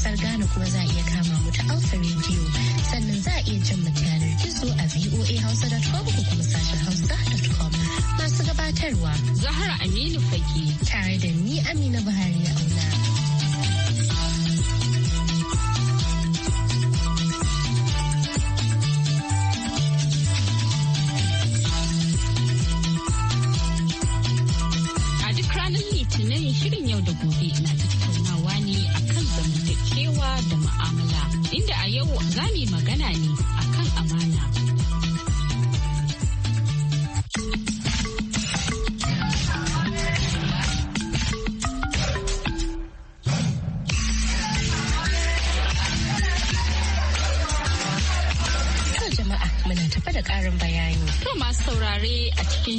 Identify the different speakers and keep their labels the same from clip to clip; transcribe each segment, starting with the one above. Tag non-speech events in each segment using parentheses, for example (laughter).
Speaker 1: kasar Ghana kuma za a iya kama mu ta Alpha Radio sannan za a iya jin mu ta yanar gizo a voahausa.com ko kuma sashen hausa.com masu gabatarwa
Speaker 2: Zahra Aminu
Speaker 1: Fage tare da ni Amina Buhari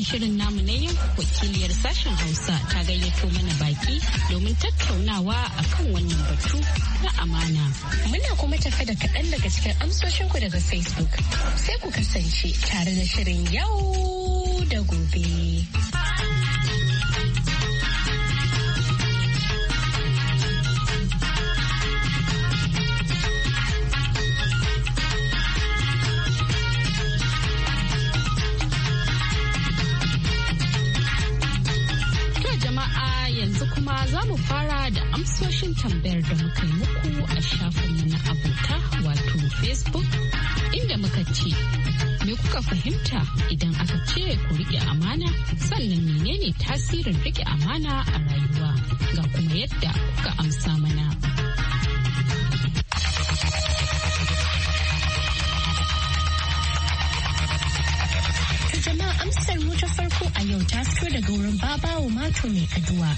Speaker 2: cikin shirin namu na yau wakiliyar sashen Hausa ta gayyato mana baki domin tattaunawa a kan wannan batu na amana. Muna kuma tafe da kaɗan daga cikin amsoshinku daga Facebook. Sai ku kasance
Speaker 1: tare da shirin yau da gobe.
Speaker 2: fara da amsoshin tambayar da muka yi muku a shafinmu na abota wato Facebook inda muka ce me kuka fahimta idan aka ce ku riƙe amana sannan menene tasirin riƙe amana a rayuwa ga kuma yadda kuka amsa mana.
Speaker 1: Amsar wuta farko a yau ta fito daga wurin babawa mato mai addu'a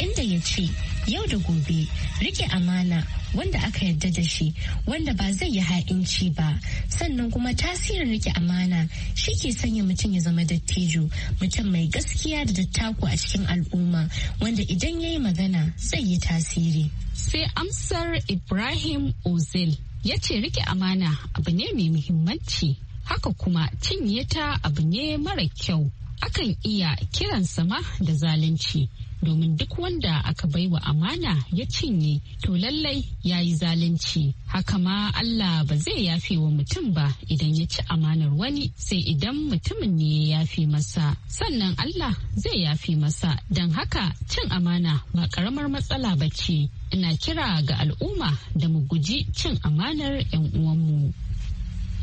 Speaker 1: inda ya ce yau da gobe rike amana wanda aka yarda da shi wanda ba zai yi ha'inci ba sannan kuma tasirin rike amana shi ke sanya mutum ya zama dattijo mutum mai gaskiya da dattako a cikin al'umma
Speaker 2: wanda idan ya yi magana zai yi tasiri sai amsar ibrahim ozil ya ce rike amana abu ne mai muhimmanci haka kuma cinye ta abu ne mara kyau akan iya kiran sama da zalunci domin duk wanda aka baiwa amana ya cinye to lallai ya yi zalunci haka ma Allah ba zai yafe wa mutum ba idan ya ci amanar wani sai idan mutumin ne ya yafe masa sannan Allah zai yafe masa don haka cin amana ba karamar matsala ba ce ina kira ga al'umma da mu guji cin amanar 'yan uwanmu.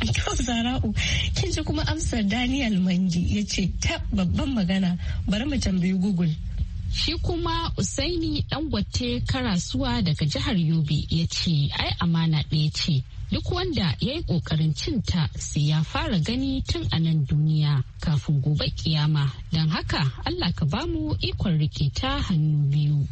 Speaker 2: yau Zara'u, kin ji kuma amsar Daniel Mangi ya ce ta babban magana bari mu tambayi Google. Shi kuma Usaini Dangote Karasuwa daga jihar Yobe ya ce, ai amana ɗaya ce, duk wanda ya yi ƙoƙarin cinta sai ya fara gani tun a nan duniya kafin gobe kiyama, don haka Allah ka bamu ikon rike ta hannu biyu.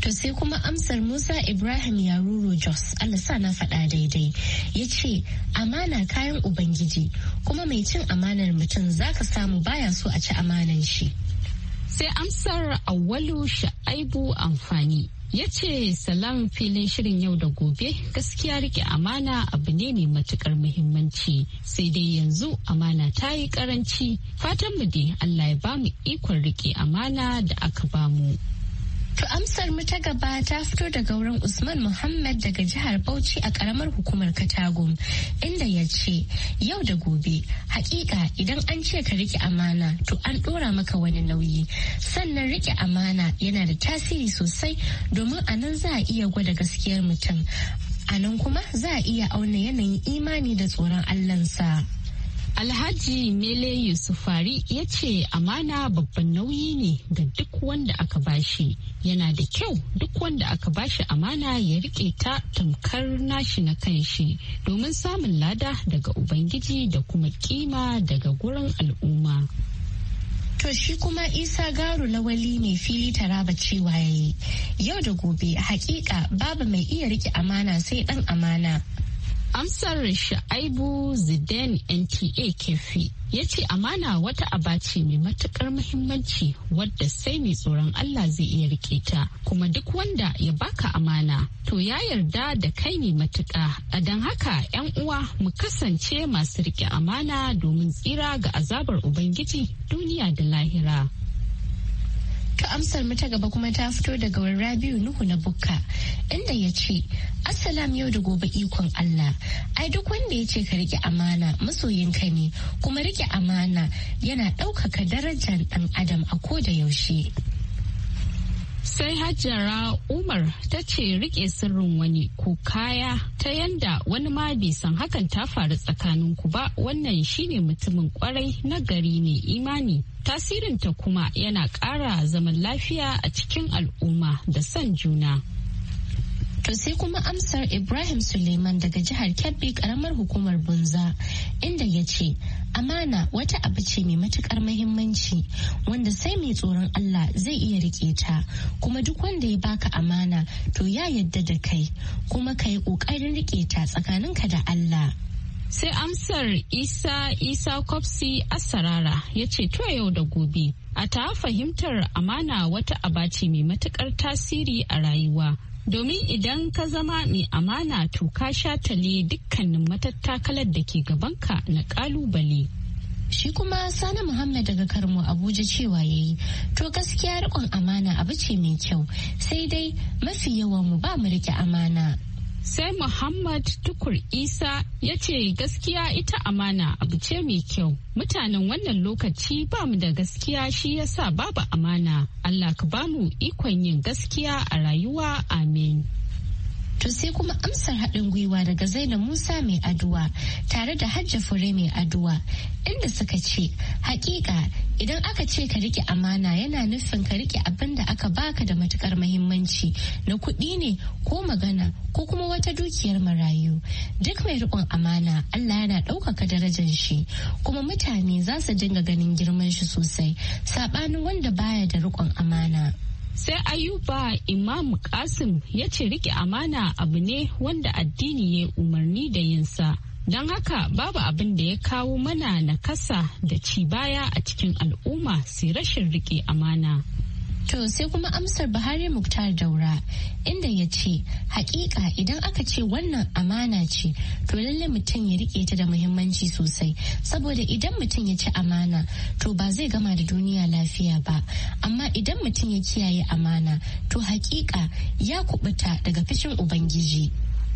Speaker 2: To sai kuma amsar Musa Ibrahim Yaruro Jos
Speaker 1: Allah sa na faɗa daidai ya ce amana kayan Ubangiji kuma mai cin amanar mutum za ka samu baya so a ci amanan shi.
Speaker 2: Sai amsar Awalu Sha'aibu amfani ya ce salam filin shirin yau da gobe gaskiya rike amana abu ne mai matukar muhimmanci sai dai yanzu amana ta yi karanci fatan mu dai allah ya bamu ikon rike amana da aka bamu
Speaker 1: To amsar mu ta gaba ta fito daga wurin Usman Muhammad daga jihar Bauchi a karamar hukumar Katago. inda ya ce yau da gobe hakika idan an ce ka rike amana to an dora maka wani nauyi sannan rike amana yana da tasiri sosai domin a nan za a iya gwada gaskiyar mutum a nan kuma za a iya auna yanayin imani da tsoron Allahnsa.
Speaker 2: Alhaji Mele Yusufari ya ce amana babban nauyi ne ga duk wanda aka bashi. Yana da kyau duk wanda aka bashi amana ya rike ta tamkar nashi na kanshi domin samun lada daga Ubangiji da kuma kima daga gurin al'umma. To shi kuma Isa Garu Lawali mai
Speaker 1: fili taraba cewa yayi yau da gobe hakika babu mai iya rike amana sai
Speaker 2: dan amana. Amsar Sha'aibu Zidane NTA Kefi ya ce amana wata abaci mai matukar muhimmanci wadda sai mai tsoron Allah zai iya rike ta kuma duk wanda ya baka amana to ya yarda da kai ne matuka a don haka yan uwa mu kasance masu rike amana domin tsira ga azabar ubangiji duniya da lahira To
Speaker 1: amsar mu ta gaba kuma ta fito daga wani Rabiu Nuhu na Bukka inda ya ce Assalam yau da gobe ikon Allah. Ai duk wanda ya ce ka rike amana masoyinka ne kuma rike amana yana ɗaukaka darajar ɗan adam a ko da yaushe.
Speaker 2: sai Hajara umar ta ce rike sirrin wani ko kaya ta yanda wani ma bai san hakan ta faru tsakanin ku ba wannan shine mutumin kwarai na gari ne imani tasirin ta kuma yana ƙara zaman lafiya a cikin al'umma da san juna To sai kuma amsar
Speaker 1: Ibrahim Suleiman daga jihar Kebbi karamar hukumar Bunza inda ya ce amana wata abu ce mai matukar mahimmanci wanda sai mai tsoron Allah zai iya rike ta kuma duk wanda ya baka amana to ya yadda da kai kuma ka yi ƙoƙarin rike ta tsakaninka da Allah.
Speaker 2: Sai amsar Isa Isa Kopsi Asarara ya ce to yau da gobe. A ta fahimtar amana wata aba ce mai matukar tasiri a rayuwa domin idan ka zama mai amana to ka shatale dukkanin matattakalar da ke gabanka na kalubale.
Speaker 1: Shi kuma Sani Muhammad daga Karmo Abuja cewa ya yi, to gaskiya rikon
Speaker 2: amana abu ce mai kyau, sai dai mafi yawan mu ba mu rike amana. sai muhammad tukur isa ya ce gaskiya ita amana abu ce mai kyau mutanen wannan lokaci ba mu da gaskiya shi yasa babu amana allah ka bamu ikon yin gaskiya a rayuwa amin To sai kuma amsar
Speaker 1: haɗin gwiwa daga zaina Musa mai aduwa tare da Hajja Fure mai aduwa inda suka ce hakika idan aka ce ka riƙe amana yana nufin ka riƙe abin da aka baka da matukar mahimmanci na kuɗi ne ko magana ko kuma wata dukiyar marayu duk mai rikon amana Allah yana ɗaukaka darajar shi kuma mutane za su dinga ganin girman shi sosai saɓanin wanda baya da rikon amana.
Speaker 2: sai ayuba imam kasim ya ce rike amana abu ne wanda addini ya umarni da yinsa don haka babu abin da ya kawo mana nakasa da ci baya a cikin al'umma sai rashin rike amana To
Speaker 1: sai kuma amsar Buhari Muktar Daura inda ya ce hakika idan aka ce wannan amana ce to lalle mutum ya rike ta da muhimmanci sosai saboda idan mutum ya ci amana to ba zai gama da duniya lafiya ba amma idan mutum ya kiyaye amana to hakika ya kubuta daga fishin Ubangiji.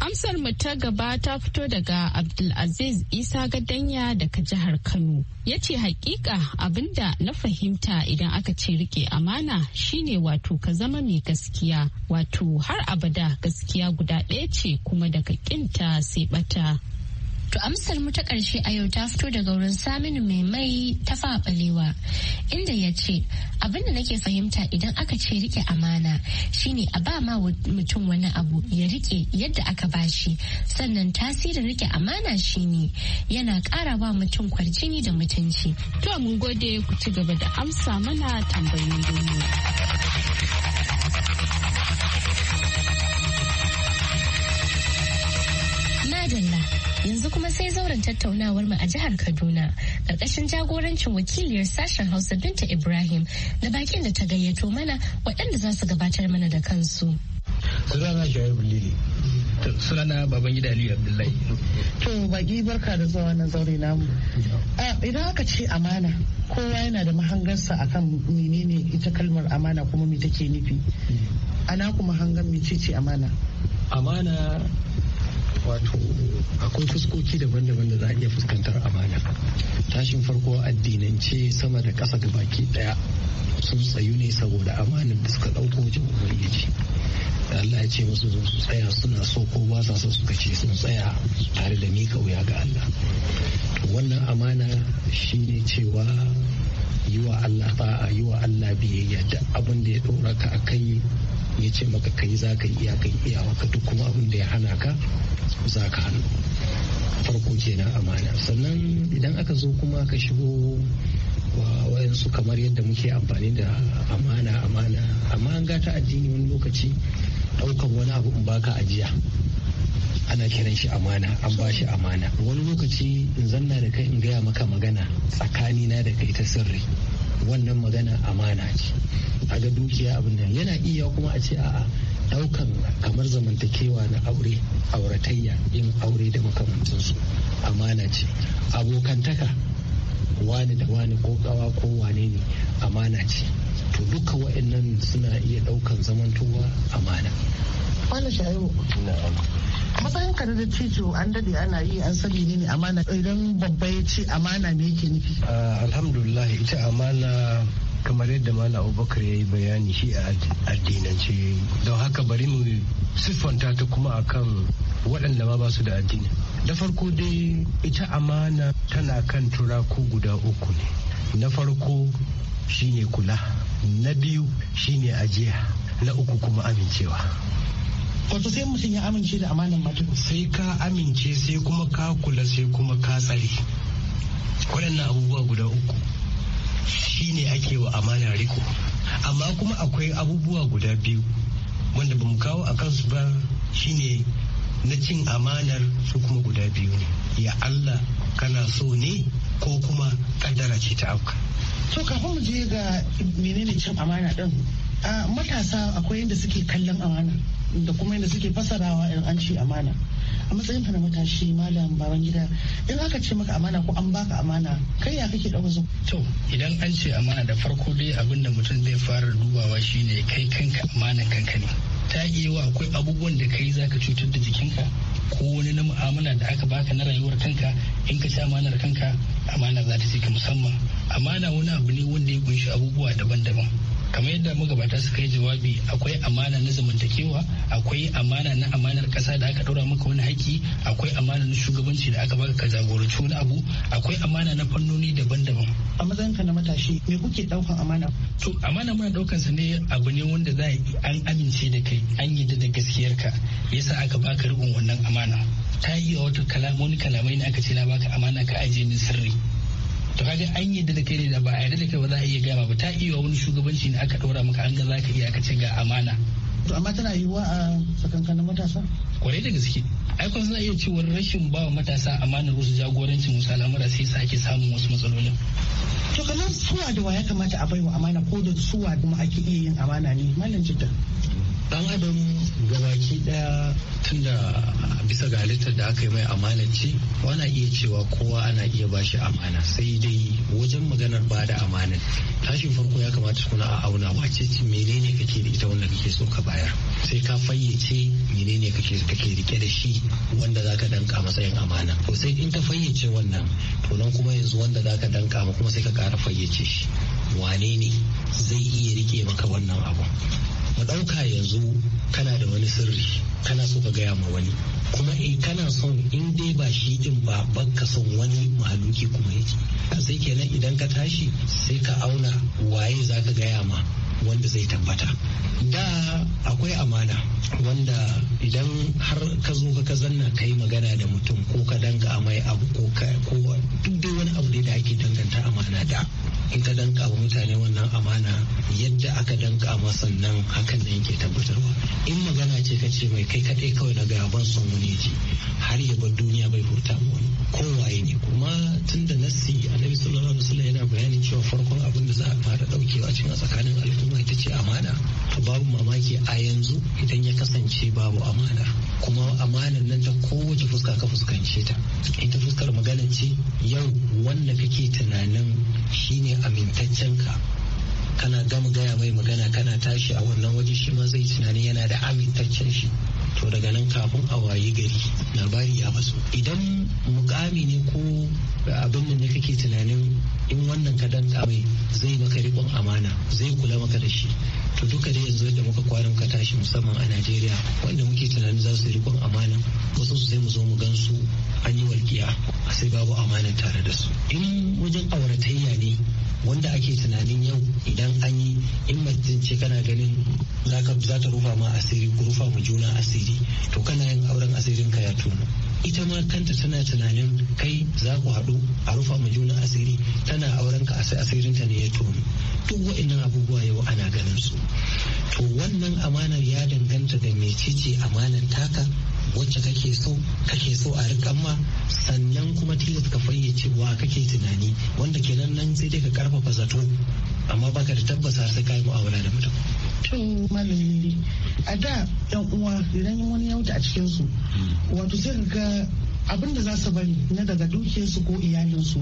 Speaker 2: Amsar mu ta gaba ta fito daga Abdulaziz Isa Gadanya daga jihar Kano. Ya ce hakika abinda na fahimta idan aka ce rike amana shine wato ka zama mai gaskiya wato har abada gaskiya guda ɗaya ce kuma daga kinta sai bata. To amsar mu ta ƙarshe a yau ta fito daga wurin Saminu
Speaker 1: mai mai ta faɓalewa inda ya ce abin da nake fahimta idan aka ce rike amana shine a ba ma mutum wani abu ya rike yadda aka bashi sannan tasirin rike amana shine yana ƙara wa mutum kwarjini da
Speaker 2: mutunci. To mun gode ku ci gaba da amsa mana tambayoyin duniya.
Speaker 1: kuma sai zauren tattaunawar mu a jihar Kaduna karkashin jagorancin wakiliyar sashen Hausa Binta Ibrahim da bakin da ta gayyato mana waɗanda za su gabatar mana da kansu.
Speaker 3: Sunana Shaibu Lili. Sunana Babangida Aliyu Abdullahi. To baki barka da zuwa na zaure namu. Idan aka ce amana kowa yana da mahangarsa akan menene ita kalmar amana kuma me take nufi. Ana kuma hangar mecece amana. Amana wato akwai fuskoki daban-daban da za a iya fuskantar amana tashin farko addinance sama da ƙasa ga baki ɗaya sun tsayu ne saboda amanar da suka ɗauko wajen ubangiji da Allah ya ce musu su tsaya suna so ko ba sa so suka ce sun tsaya tare da mika wuya ga Allah wannan amana shine cewa yi wa Allah ba'a yi wa Allah biyayya da abin da ya ɗora ka a kai ya ce maka kai za ka iya kai iyawa ka duk kuma abin da ya hana ka za ka hannu farko kenan amana sannan idan aka zo kuma ka shigo wayansu kamar yadda muke amfani da amana amana amma an gata addini wani lokaci ɗaukan wani abu in baka ajiya ana kiran shi amana an ba shi amana wani lokaci in zanna da kai in gaya maka magana tsakanina da kai ta sirri wannan magana amana ce a ga dukiya abin nan yana iya kuma a ce a'a daukan kamar zamantakewa na aure auratayya yin aure da su amana ce abokantaka wani da wani ko kawa ko wane ne amana ce to duka wa'annan suna iya daukan zamantowa amana wani shayo matsayin ka da an dade ana yi an sani ne ne amana idan babba ya ce amana me yake nufi ah, alhamdulillah ita amana kamar yadda mala abubakar ya yi bayani shi a addinance don haka bari mu siffanta ta kuma akan waɗanda ma ba su da addini da farko dai ita amana tana kan turaku guda uku ne na farko shine kula na biyu shine ajiya na uku kuma amincewa wato sai mutum ya amince da amanan mata sai ka amince sai kuma ka kula sai kuma ka tsare waɗannan abubuwa guda uku shine ake wa amana riko amma kuma akwai abubuwa guda biyu wanda ba mu kawo a kansu ba shine na cin amanar su kuma guda biyu ne ya Allah kana so ne ko kuma kaddara ce ta auka to kafin mu je ga menene cin amana din matasa akwai yadda suke kallon amana da kuma yadda suke fasarawa yan an ce amana a matsayin ka na matashi malam baban gida in aka ce maka amana ko an baka amana kai ya kake dawo to idan an ce amana da farko dai abin da mutum zai fara dubawa shine kai kanka amanan kanka ne ta iya akwai abubuwan da kai zaka cutar da jikinka ko wani na mu'amala da aka baka na rayuwar kanka in ka ci amanar kanka amana za ta ka musamman amana wani abu ne wanda ya kunshi abubuwa daban-daban kamar yadda magabata suka yi jawabi akwai amana na zamantakewa akwai amana na amanar kasa da aka dora maka wani haƙƙi akwai amana na shugabanci da aka baka ka jagoranci wani abu akwai amana na fannoni daban-daban a ka na matashi me kuke ɗaukan amana to amana muna ɗaukan sa ne abu ne wanda za an amince da kai an yadda da gaskiyar ka yasa aka baka riƙon wannan amana ta yi wata wani kalamai ne aka ce na baka amana ka ajiye min sirri to kaga an yadda da kai ne da ba a yadda da kai ba za a iya gama ba ta iya wani shugabanci ne aka ɗora maka an ga za ka iya ka ce ga amana to amma tana yiwuwa a tsakankanin matasa kwarai da gaske ai kun suna iya cewa rashin ba matasa amanar wasu jagorancin wasu al'amura sai sa ake samun wasu matsalolin to kamar suwa da wa ya kamata a baiwa amana ko da suwa kuma ake iya yin amana ne malam jidda dan adam gabaki daya tunda bisa ga halittar da aka yi mai amana ce wana iya cewa kowa ana iya ba shi amana sai dai wajen maganar ba da amana tashin farko ya kamata kuna a auna wace ce menene kake da ita wanda kake so ka bayar sai ka fayyace menene kake kake rike da shi wanda zaka danka matsayin amana to sai in ka fayyace wannan to nan kuma yanzu wanda zaka danka kuma sai ka kara fayyace shi wane ne zai iya rike maka wannan abu mu ɗauka yanzu kana da wani sirri kana so ka gaya ma wani kuma e kana son in dai ba shi din ba baka son wani mahaluki kuma yake sai kenan idan ka tashi sai ka auna waye za ka gaya ma wanda zai tabbata da akwai amana wanda idan har ka zo ka zanna ka yi magana da mutum ko ka danga amai abu ko duk in ka danka wa mutane wannan amana yadda aka danka ma sannan hakan nan yake tabbatarwa in magana ce ka ce mai kai kaɗai kawai na gaya ban son wani ji har ya bar duniya bai hurta wani kowaye ne kuma tun da nassi annabi sallallahu alaihi wasallam yana bayanin cewa farkon abin da za a fara ɗaukewa cikin a tsakanin al'umma ita ce amana to babu mamaki a yanzu idan ya kasance babu amana kuma amanar nan ta kowace fuska ka fuskance ta ita fuskar magana ce yau wanda kake tunanin shine amintaccen ka kana gama gaya mai magana kana tashi a wannan waje shi ma zai tunani yana da amintaccen shi to daga nan kafin a waye gari labari ya faso idan mukami ne ko abin da kake tunanin in wannan ka danta mai zai maka rikon amana zai kula maka da shi to duka da yanzu da muka kwarin ka tashi musamman a najeriya wanda muke tunanin za su rikon amana wasu su sai mu zo mu gan su an yi walƙiya sai babu amana tare da su in wajen auratayya ne wanda ake tunanin yau idan an yi in mutum ce kana ganin za ta rufa ma asiri ku rufa mu juna asiri to kana yin auren asirin ka ya tono ita ma kanta tana tunanin kai za ku haɗu a rufa mu juna asiri tana auren ka asirin ta ne ya tono duk wa'annan abubuwa yau ana ganin su to wannan amanar ya danganta da mecece amanar taka wacce kake so kake so a rikan ma sannan kuma tilas ka fayyace wa kake tunani wanda kenan nan sai dai ka karfafa zato amma baka da tabbasa har sai ka yi mu'amala da mutum to malami a da yan uwa idan wani ya wuce a cikin su hmm. wato sai ga abin da za su bari na daga dukiyarsu ko iyalinsu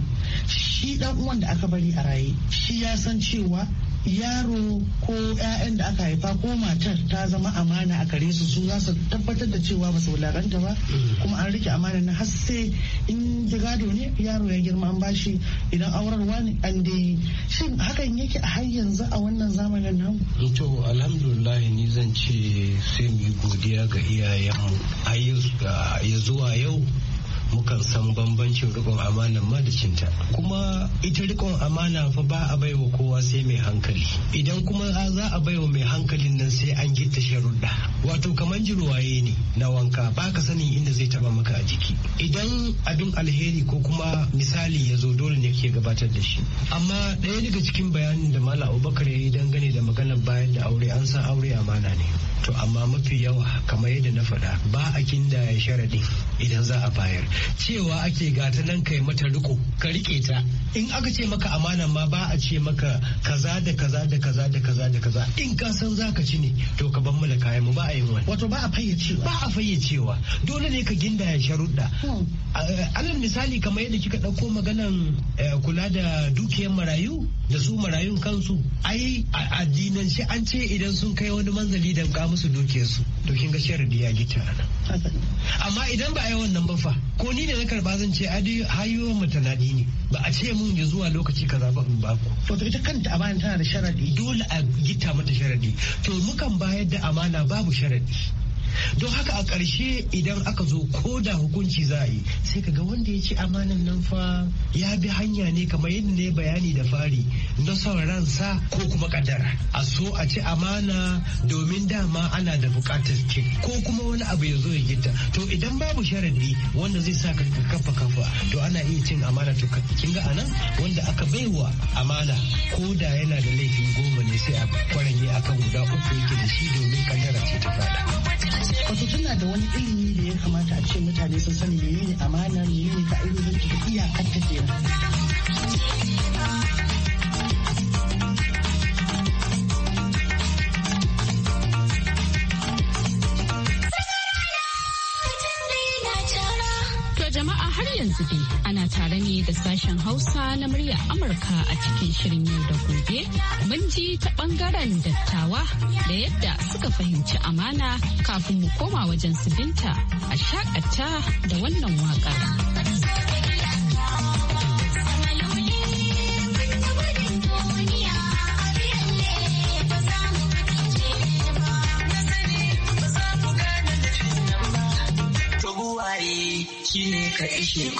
Speaker 3: shi dan uwan da aka bari a raye shi ya san cewa yaro ko 'ya'yan da aka haifa ko matar ta zama amana a gare su su za su tabbatar da cewa ba su wulakanta ba mm. kuma an rike amana na hasse in in gado ne yaro ya girma an bashi idan aurarwa ne an dai shin hakan yake a har yanzu a wannan zamanin nan to alhamdulillah ni zan ce sai mu yi godiya ga iyayenmu ayyuka ya zuwa yau mukan san bambancin rikon amana ma da cinta kuma ita rikon amana fa ba a baiwa kowa sai mai hankali idan kuma za a baiwa mai hankalin nan sai an gitta sharuɗa wato kamar jirwaye ne na wanka ba ka sanin inda zai taba maka a jiki idan abin alheri ko kuma misali ya zo dole ne ke gabatar da shi amma ɗaya daga cikin bayanin da mala abubakar ya yi dangane da maganar bayan da aure an san aure amana ne to amma mafi yawa kamar yadda na faɗa ba a ya sharaɗi idan za a bayar cewa ake gata nan kai mata riko ka rike ta in aka ce maka amana ma ba a ce maka kaza da kaza da kaza da kaza da kaza in ka san zaka ci ne to ka ban mana kayan mu ba a yin wani wato ba a fayyacewa ba a fayyacewa dole ne ka ginda ya sharuɗa hmm. alal misali kamar yadda kika ɗauko maganan eh, kula da dukiyar marayu da su marayun kansu ai addinance an ce idan sun kai wani manzali da ka musu dukiyarsu to kin ga sharadi ya gita amma idan ba yi wannan ba fa ko ni ne na karba zan ce adi hayo mutanadi ne ba a ce mun ya zuwa lokaci kaza ba in ba ku to ita kanta amana tana da sharadi dole a gita mata sharadi to mukan bayar da amana babu sharadi don haka a ƙarshe idan aka zo ko da hukunci za a yi sai ka ga wanda ya ci amanan nan fa ya bi hanya ne kamar yadda ne bayani da fari na son ransa ko kuma kaddara a so a ci amana domin dama ana da bukatar ce ko kuma wani abu ya zo ya gita to idan babu sharadi wanda zai sa ka kafa kafa to ana iya cin amana to kin ga anan wanda aka baiwa amana ko da yana da laifin goma ne sai a kwaranye akan guda uku yake da shi domin kaddara ce ta fada. wato tana da wani ilimi da ya kamata a ce mutane sun sani menene amana menene ka'idodin da iyakar ta kenan
Speaker 2: tare ne da sashen Hausa na murya Amurka a cikin shirin yau da gobe. Mun ji ta bangaren dattawa da yadda suka fahimci amana kafin mu koma wajen su binta a shakata da wannan waƙar.
Speaker 1: daɗi shine ka ishe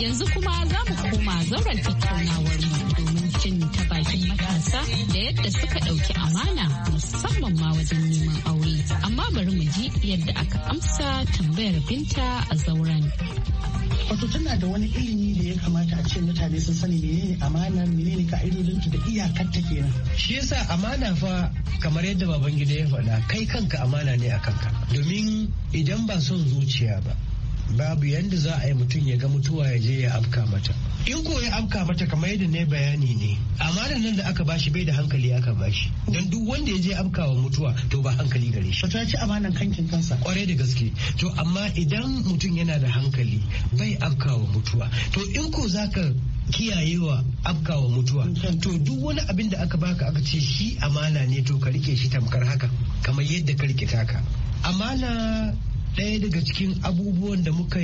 Speaker 2: Yanzu kuma za mu koma zauren tattaunawar mu domin jin ta bakin matasa da yadda suka ɗauki amana musamman ma wajen neman aure. Amma bari mu ji yadda aka amsa tambayar binta a zauren.
Speaker 3: Wato tana da wani ilimi ya kamata a ce mutane sun sani menene amana menene ka'idodinta da iyakarta kenan shi yasa amana fa kamar yadda babangida ya faɗa kai kanka amana ne a kanka domin idan ba son zuciya ba babu yadda za a yi mutum ya ga mutuwa ya je ya afka mata in ko ya afka mata kamar yadda ne bayani ne amma nan da aka bashi bai da hankali aka bashi don duk wanda ya je afka wa mutuwa to ba hankali gare shi ta ci amanan kankin kansa kwarai da gaske to amma idan mutum yana da hankali bai afka wa mutuwa to in ko za zaka kiyayewa wa mutuwa to duk wani abin da aka baka aka ce shi amana ne to ka rike shi tamkar haka kamar yadda ka rike taka amana ɗaya daga cikin abubuwan da muka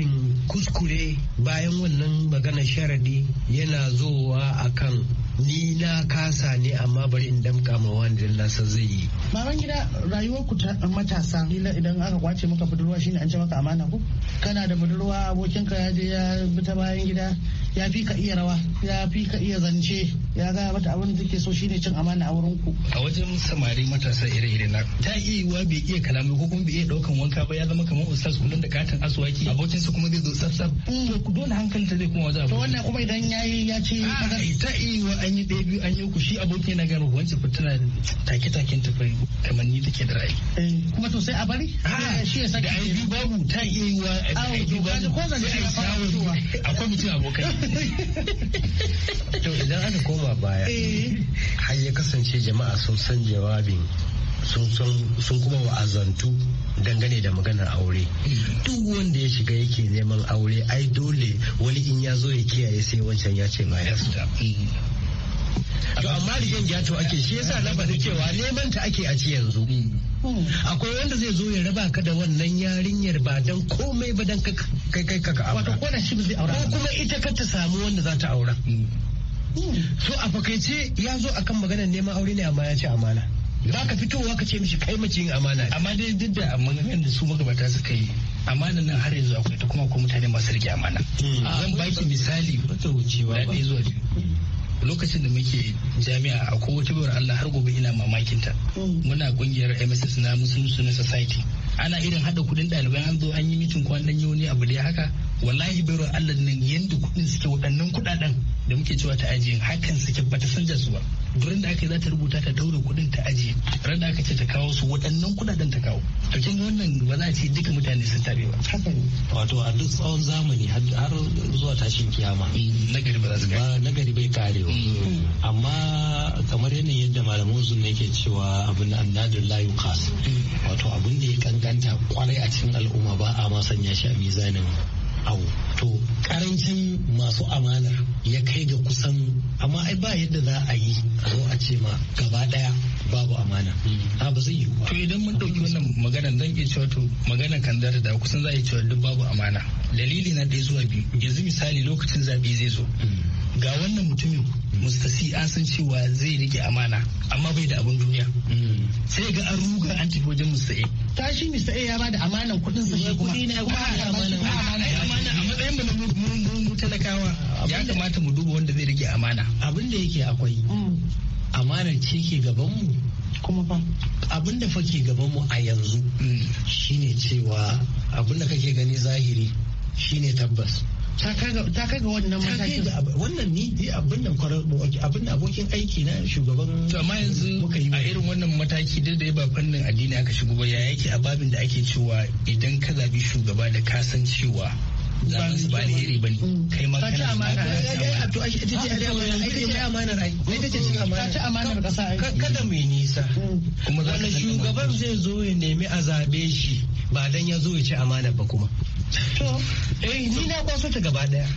Speaker 3: kuskure bayan wannan magana sharadi yana zowa akan ni na kasa ne amma bari in damka ma wani da nasa zai yi baban gida rayuwar ku matasa idan aka kwace maka budurwa shine an ce maka amana ku kana da budurwa abokinka ya je ya bi ta bayan gida ya fi ka iya rawa ya fi ka iya zance ya gaya mata abin da take so shine cin amana a wurin ku a wajen samari matasa ire-ire na ta iya yiwuwa bai iya kalamai ko kuma bai iya daukan wanka ba ya zama kamar ustaz kullun da katin aswaki abokinsa kuma zai zo tsaf-tsaf mm, dole hankalinta zai kuma wajen to wannan kuma idan ya yi ya ce ta iya an yi ɗaya biyu an yi uku shi abokin na gano wancan fitina take taken ta bari kamar ni take da ra'ayi. Eh. kuma to sai a bari ah! eh, shi ya sake da biyu babu ta iya yi wa A biyu babu ko zan ce shawar A mutum abokai (laughs) to idan aka koma baya eh. har ya kasance jama'a sun san jawabin sun kuma wa'azantu dangane da maganar aure mm. duk wanda ya shiga yake neman aure ai dole wani in ya zo ya kiyaye sai wancan ya ce ma ya mm. to amma rigen gyato ake shi yasa na faɗi cewa neman ta ake a ci yanzu akwai wanda zai zo ya raba ka da wannan yarinyar ba dan komai ba dan kai kai ka wato ko da shi zai aura ko kuma ita ka ta samu wanda za ta aura hmm. so a fakaice ya zo akan maganar neman aure ne amma ya ce amana ba ka fitowa ka ce mishi kai maciyin amana amma dai duk da maganganun da su magabata suka yi amana nan har yanzu akwai ta kuma ko mutane masu rike amana hmm. zan baki misali wata wucewa ɗaya zuwa biyu lokacin da muke jami'a a kowace bayar Allah har gobe ina mamakin ta mm. muna kungiyar MSS na Muslim Student Society ana irin hada kudin ɗalibai an zo an yi mitin ko an dan abu haka wallahi baiwar allah nan yadda kuɗin suke waɗannan kuɗaɗen da muke cewa ta ajiye hakan suke bata san su ba durin da aka yi za ta rubuta ta daura kuɗin ta ajiye ran da aka ce ta kawo su waɗannan kuɗaɗen ta kawo to kin wannan ba za a ce duka mutane sun tabe ba wato a duk tsawon zamani har zuwa tashin kiyama eh, nagari ba za su ba nagari bai karewa eh. amma kamar yanayin yadda malaman ne ke cewa abin annadun layu kas eh. wato abin da ya kankanta kwarai a cikin al'umma ba a ma sanya shi a mizanin abu to karancin masu amana ya kai ga kusan amma ai ba yadda za a yi zo a ce ma gaba daya babu amana a ah, ba zai yi ba to idan mun dauki wannan magana zan iya cewa to magana kan da da kusan za a yi cewa duk babu amana dalili na ɗaya zuwa biyu yanzu misali lokacin zaɓe zai zo hmm. ga wannan mutumin mustasi an san cewa zai rike amana amma bai da abin duniya. Sai ga an ruga an tafi wajen Mr. Tashi Mr. A ya bada amanan kuɗin sa kuma. Kuɗi ne kuma amana amana a matsayin mu mu talakawa ya kamata mu duba wanda zai rike amana. Abin da yake akwai. Mm. Amanar ce ke gaban mu. kuma ba abin da fake gaban mu a yanzu mm. shine cewa abin da kake gani zahiri shine tabbas ta kai ga wannan matakin wannan ni dai abin nan abin abokin aiki na shugaban to amma yanzu a irin wannan mataki duk da ba fannin addini aka shigo ba ya yake a babin da ake cewa idan ka zabi shugaba da kasancewa. zaben su ba alheri bane kai ma kana amana ai to ai ita ce amana ai ita ce amana ai ita ce cin amana ta amanar kasa ai kada mai nisa hmm. kuma za ka shugaban zai zo ya nemi a zabe shi ba dan ya zo ya ci amana ba kuma to eh ni na kwaso ta gaba daya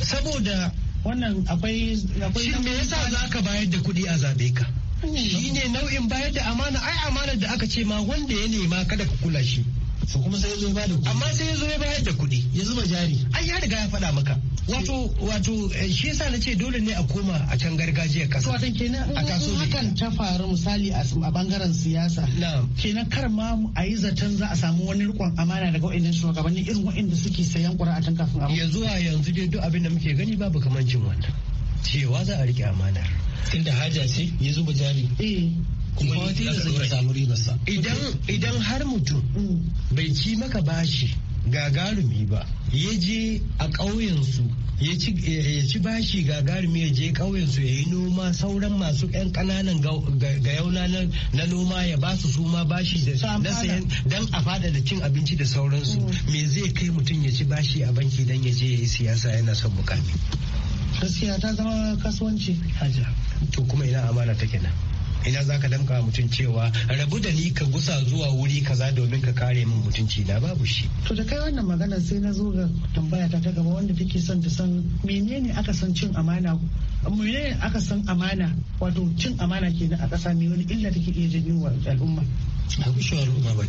Speaker 3: saboda wannan akwai akwai shin me yasa zaka bayar da kuɗi a zabe ka shine nau'in bayar da amana ai amanar da aka ce ma wanda ya nema kada ka kula shi so kuma sai zo ya bada kuɗi amma sai zo ya bayar da kuɗi ya zuba jari ai ya riga ya faɗa maka wato wato eh, shi yasa na ce dole ne a koma a can gargajiyar kasa wato kenan a taso hakan ta faru misali a bangaren siyasa kenan kar ma a yi zaton za a samu wani rikon amana daga wa'annan shugabanni irin wa'anda suke sayan a can kafin abu yanzu a yanzu dai duk abin da muke gani babu kamancin wannan cewa za a rike amanar inda haja ce ya zuba jari eh. kuma samu idan idan har mutum bai ci maka bashi gagarumi ba ya je a ƙauyensu ya ci bashi gagarumi ya je ƙauyensu ya yi noma sauran masu 'yan ƙananan ga yauna na noma ya ba su su ma bashi da sayan don a fada da cin abinci da sauransu mm. me zai kai mutum ya ci bashi a banki don ya je ya yi siyasa yana son mukami gaskiya ta zama kasuwanci haja to kuma ina amana take nan ina zaka wa mutum cewa rabu da ni ka gusa zuwa wuri kaza domin ka kare min mutunci na babu shi to da kai wannan magana sai na zo ga tambaya ta ta gaba wanda take son ta san menene aka san cin amana menene aka san amana wato cin amana kenan a ƙasa me wani illa take iya jin wa al'umma a al'umma ba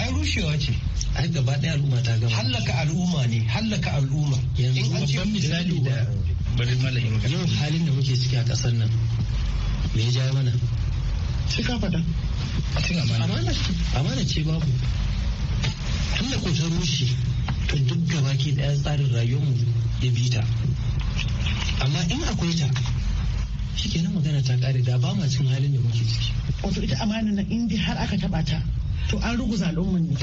Speaker 3: ai rushewa ce ai gaba ɗaya al'umma ta gama hallaka al'umma ne hallaka al'umma yanzu babban misali da bari halin da muke ciki a ƙasar nan me ya ja mana sai ka faɗa cin amana amana ce babu tun da kusan rushe to duk gaba ke ɗaya tsarin rayuwar mu ya bi ta amma in akwai ta shi kenan magana ta ƙare da ba ma cin halin da muke ciki wato ita amana na indi har aka taɓa ta to an ruguza al'umma ne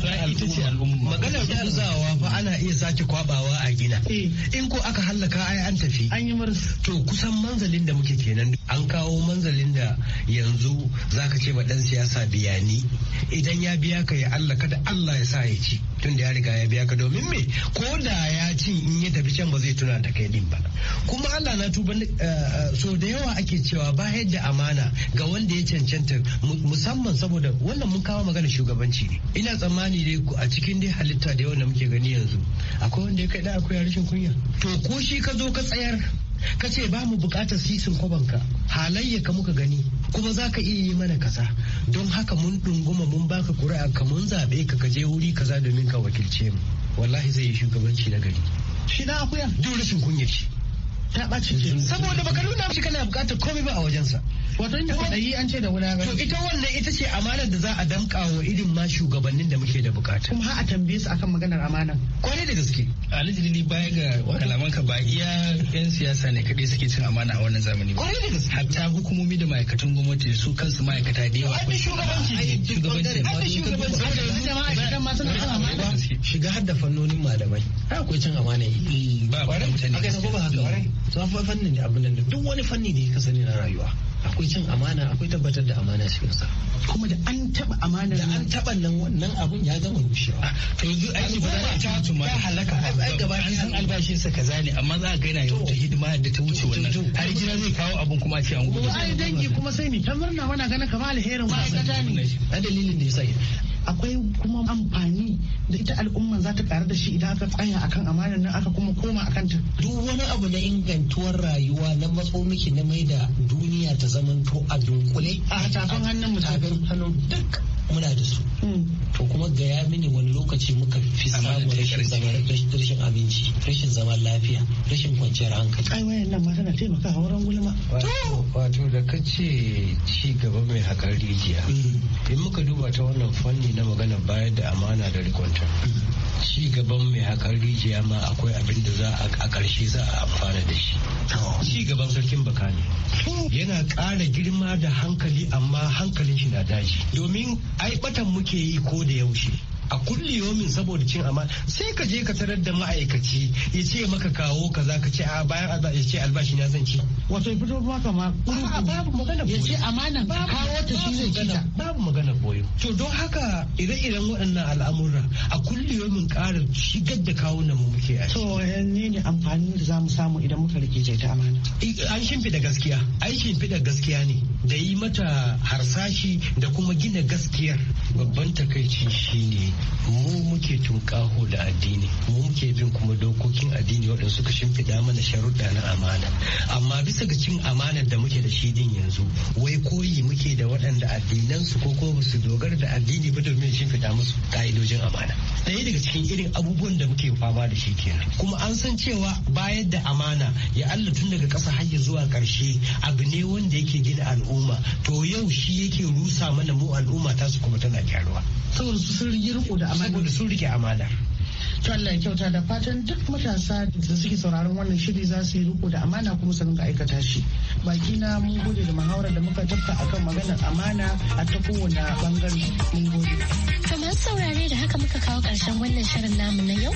Speaker 3: ta ita ce al'umma maganar ruguzawa fa ana iya sake kwabawa a gina eh. in ko aka halaka ai an tafi an yi marus to kusan manzalin da muke kenan an kawo manzalin da yanzu zaka ce ba dan siyasa biya ni idan ya biya ka ya Allah kada Allah ya sa ya ci tun da ya riga ya biya ka domin me ko da ya ci in ya tafi can ba zai tuna da kai din ba kuma Allah na tuba eh, eh, so da yawa ake cewa ba yadda amana ga wanda ya cancanta musamman saboda wannan mun kawo magana shugabanci ne ina tsammani dai a cikin dai halitta da yawan da muke gani yanzu akwai wanda ya kai da akwai rashin kunya to ko shi ka zo ka tsayar ka ce ba mu bukatar sisin kwabanka halayya ka muka gani kuma za ka iya yi mana kaza don haka mun ɗunguma mun baka kuri'a ka mun zaɓe ka kaje wuri kaza domin ka wakilce mu wallahi zai yi shugabanci na gari shi na akuya duk rashin kunyar shi ta ɓaci kenan saboda baka nuna shi kana buƙatar komai ba a wajensa wato inda yi an ce da wuna to ita wannan ita ce amanar da za a damƙa wa irin ma shugabannin da muke da buƙata kuma a tambaye su akan maganar amana kwarai da gaske alhaji lili baya ga kalaman ka ba iya yan siyasa ne kaɗai suke cin amana a wannan zamani ba kwarai da gaske hatta hukumomi da ma'aikatan gwamnati su kansu ma'aikata da yawa ko shugabanci shugabanci shugabanci shiga har da fannonin malamai akwai cin amana mm, ba ba mutane sabon fannin ne abin da duk wani fanni da ka sani na rayuwa akwai cin amana akwai tabbatar da amana cikin sa kuma da an taba amana da an taba nan wannan abun ya gama rushewa ah, to yanzu aiki ba za ta tuma ya halaka ai gaba an san albashin sa kaza ne amma za ka ga yana yau da hidima yadda ta wuce wannan har gida zai kawo abun kuma a ce an gudu ai dangi kuma sai ni ta murna mana ganin kamar alherin wa ta ne a dalilin da yasa akwai kuma amfani da ita al'umma za ta karu da shi idan aka tsaya akan amanar nan aka kuma koma akan ta duk wani abu na ingantuwar rayuwa na matso miki na mai da duniya ta to a dunkule a tafin hannun mu tafin hannun duk muna da su hmm. to kuma gaya mini wani lokaci muka fi samun rashin abinci rashin zaman lafiya rashin kwanciyar hankali ai wayan nan ma tana taimaka a wurin gulma wato da kace ci gaba mai haƙar rijiya hmm. in muka duba ta wannan fanni na magana bayar da amana da rikonta ci gaban mai hakan rijiya ma akwai abin da za a ƙarshe za a amfana da shi ci gaban sarkin baka ne yana ƙara girma da hankali amma hankalin shi na daji domin ai batan muke yi ko da yaushe a kulle yomin saboda cin amana sai ka je ka tarar da ma'aikaci ya ce maka kawo kaza ka ce a ah, bayan ya ce albashi na zan ci wato ya fito maka ma babu magana ya ce amana kawo ta shi zai kita babu magana boyo to don haka ire-iren waɗannan al'amura a kulle yomin ƙara shigar da kawo na mu muke to eh, ne ne amfani da zamu samu idan muka rike ta amana an shimfiɗa gaskiya an shimfiɗa gaskiya ne da yi mata harsashi da kuma gina gaskiyar babban takaici shine mu muke tunƙaho da addini mu muke bin kuma dokokin addini waɗanda suka shimfiɗa mana sharuɗa na amana amma bisa ga cin amanar da muke da shi din yanzu wai koyi muke da waɗanda addinansu ko kuma su dogara da addini ba domin shimfiɗa musu ƙa'idojin amana ɗaya daga cikin irin abubuwan da muke fama da shi kenan kuma an san cewa bayar da amana ya Allah tun daga ƙasa har zuwa ƙarshe abu ne wanda yake gina al'umma to yau shi yake rusa mana mu al'umma ta su kuma tana gyaruwa saboda su sun da amana saboda sun rike amana to Allah ya kyauta da fatan duk matasa da suke sauraron wannan shiri za su yi riko da amana kuma su rinka aikata shi baki na mun gode da muhawarar da muka tafka akan maganar amana a ta kowane bangare mun gode
Speaker 1: kamar saurare da haka muka kawo ƙarshen wannan shirin namu na yau